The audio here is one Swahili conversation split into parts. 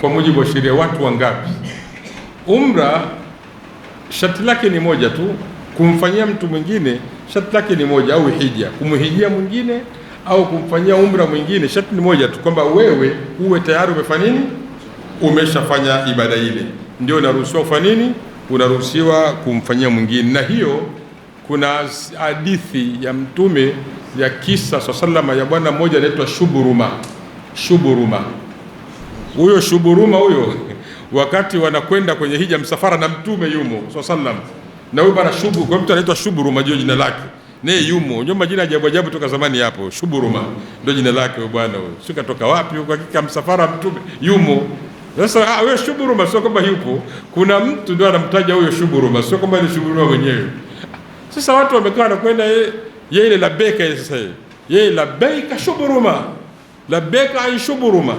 kwa mujibu wa sheria watu wangapi. Umra sharti lake ni moja tu, kumfanyia mtu mwingine sharti lake ni moja, au hija, kumhijia mwingine au kumfanyia umra mwingine, sharti ni moja tu, kwamba wewe uwe tayari umefanya nini, umeshafanya ibada ile, ndio unaruhusiwa kufanya nini, unaruhusiwa kumfanyia mwingine. Na hiyo kuna hadithi ya Mtume ya kisa swalla ya bwana mmoja anaitwa Shuburuma, Shuburuma huyo shuburuma huyo, wakati wanakwenda kwenye hija, msafara na mtume yumo sallam, na huyo bana shubu, kwa mtu anaitwa shuburuma, jio jina lake naye yumo ndio majina ajabu ajabu toka zamani hapo. Shuburuma ndio jina lake huyo bwana huyo, sio katoka wapi Kwa hakika msafara mtume yumo. Sasa ah, wewe shuburuma, sio kwamba yupo, kuna mtu ndio anamtaja huyo shuburuma, sio kwamba ni shuburuma mwenyewe. Sasa watu wamekaa wanakwenda yeye yeye ile labeka, sasa yeye labeka shuburuma, labeka ai shuburuma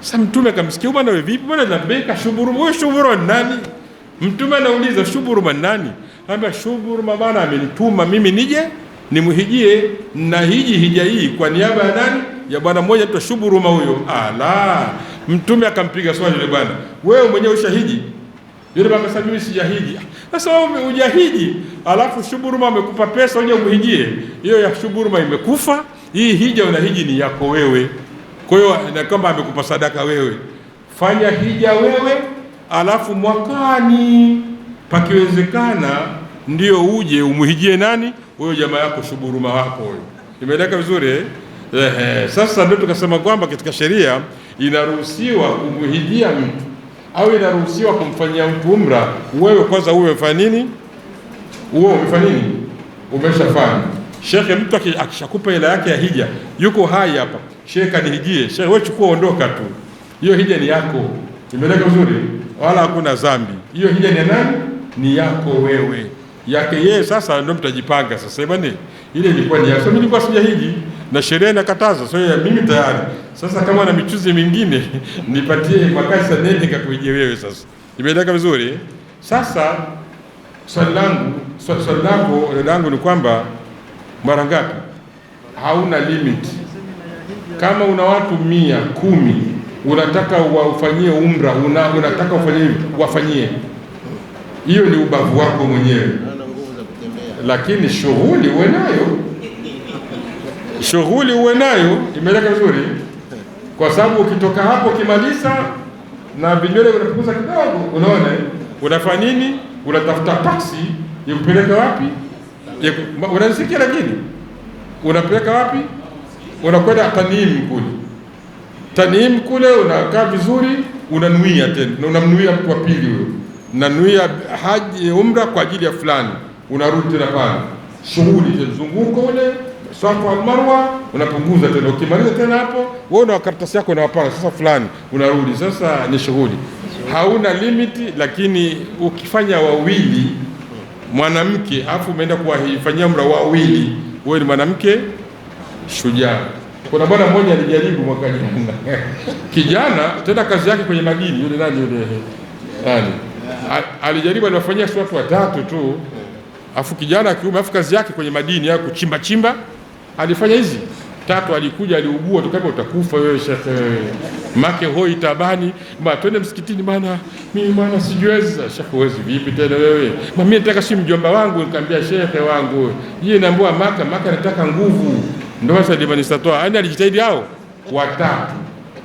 sasa mtume akamsikia, bwana wewe vipi bwana, labbaika shuburu. Wewe shuburu nani? Mtume anauliza shuburu man nani? Anambia shuburu mabana amenituma mimi nije nimhijie na hiji hija hii kwa niaba ya nani? Ya bwana mmoja shuburu Shuburuma huyo. Ala, mtume akampiga swali yule bwana, wewe mwenyewe ushahiji? Yule bwana akasema mimi sijahiji. Sasa wewe hujahiji, alafu shuburu Shuburuma amekupa pesa uje umhijie, hiyo ya shuburu Shuburuma imekufa, hii hija unahiji ni yako wewe. Kwa hiyo na kwamba amekupa sadaka wewe, fanya hija wewe, alafu mwakani pakiwezekana, ndio uje umuhijie nani huyo jamaa yako, shuburuma wako huyo. Imeeleka vizuri eh? sasa ndio tukasema kwamba katika sheria inaruhusiwa kumuhijia mtu au inaruhusiwa kumfanyia mtu umra, wewe kwanza uwe umefanya nini, uwe umefanya nini, umeshafanya Shekhe, mtu akishakupa hela yake ya hija, yuko hai hapa, shekhe kanihijie, shekhe wewe chukua, ondoka tu, hiyo hija ni yako. Imeleka vizuri, wala hakuna dhambi. Hiyo hija ni nani? Ni yako wewe, yake yeye. Sasa ndio mtajipanga sasa, bwana, ile ilikuwa ni yako. Mimi nilikuwa sija hiji na sheria inakataza, so ya mimi tayari sasa, kama na michuzi mingine nipatie makazi nene kakuje wewe. Sasa imeleka vizuri. Sasa swali langu swali langu ni kwamba mara ngapi? Hauna limit. Kama una watu mia kumi unataka waufanyie umra, una, unataka ufanyie wafanyie, hiyo ni ubavu wako mwenyewe, lakini shughuli uwe nayo, shughuli uwe nayo. Imeleka vizuri, kwa sababu ukitoka hapo ukimaliza na vinywele unapunguza kidogo, unaona unafanya nini? Unatafuta taksi impeleke wapi? ya unanisikia, lakini unapeleka wapi? Unakwenda Tanim kule, Tanim kule unakaa vizuri, unanuia tena, unamnuia mtu wa pili huyo, nanuia haji eh, umra kwa ajili ya fulani, unarudi tena pale, shughuli za mzunguko ule Safa wal Marwa, unapunguza tena. Ukimaliza tena hapo, wewe una karatasi yako unawapanga sasa, fulani unarudi sasa, ni shughuli, hauna limiti. Lakini ukifanya wawili mwanamke afu umeenda kuwafanyia wawili wewe ni mwanamke shujaa. Kuna bwana mmoja alijaribu mwaka jana kijana tena kazi yake kwenye madini, yule nani yule nani alijaribu, aliwafanyia si watu watatu tu, afu kijana kiume, afu kazi yake kwenye madini ya kuchimba chimba, alifanya hizi Tatu alikuja aliugua, tukaambia utakufa wewe shekhe, eh, make hoi tabani ba twende msikitini bana, mimi bana sijiwezi. Sasa shekhe, huwezi vipi tena wewe? Mimi nataka si mjomba wangu, nikamwambia shekhe wangu yeye naambia maka maka, nataka nguvu. Ndio sasa limanisatoa yani, alijitahidi hao watatu,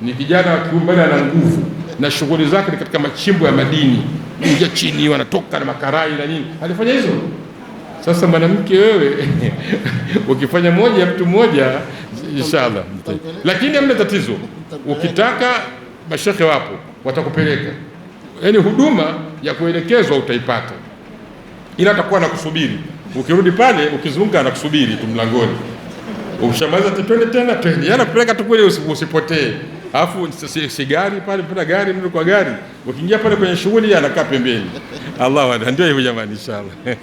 ni kijana wa kiume ana nguvu na shughuli zake ni katika machimbo ya madini nje chini, wanatoka na makarai na nini, alifanya hizo. Sasa mwanamke wewe ukifanya moja ya mtu mmoja inshallah. Lakini hamna tatizo, ukitaka mashekhe wapo watakupeleka, yaani huduma ya kuelekezwa utaipata, ila atakuwa anakusubiri ukirudi pale, ukizunguka anakusubiri tu mlangoni. Ukishamaliza twende tena, twende, yaani anakupeleka tu kule, usipotee. Alafu gari pale, mpaka gari mle kwa gari, ukiingia pale kwenye shughuli anakaa pembeni. Allah, ndio hivyo jamani, inshallah.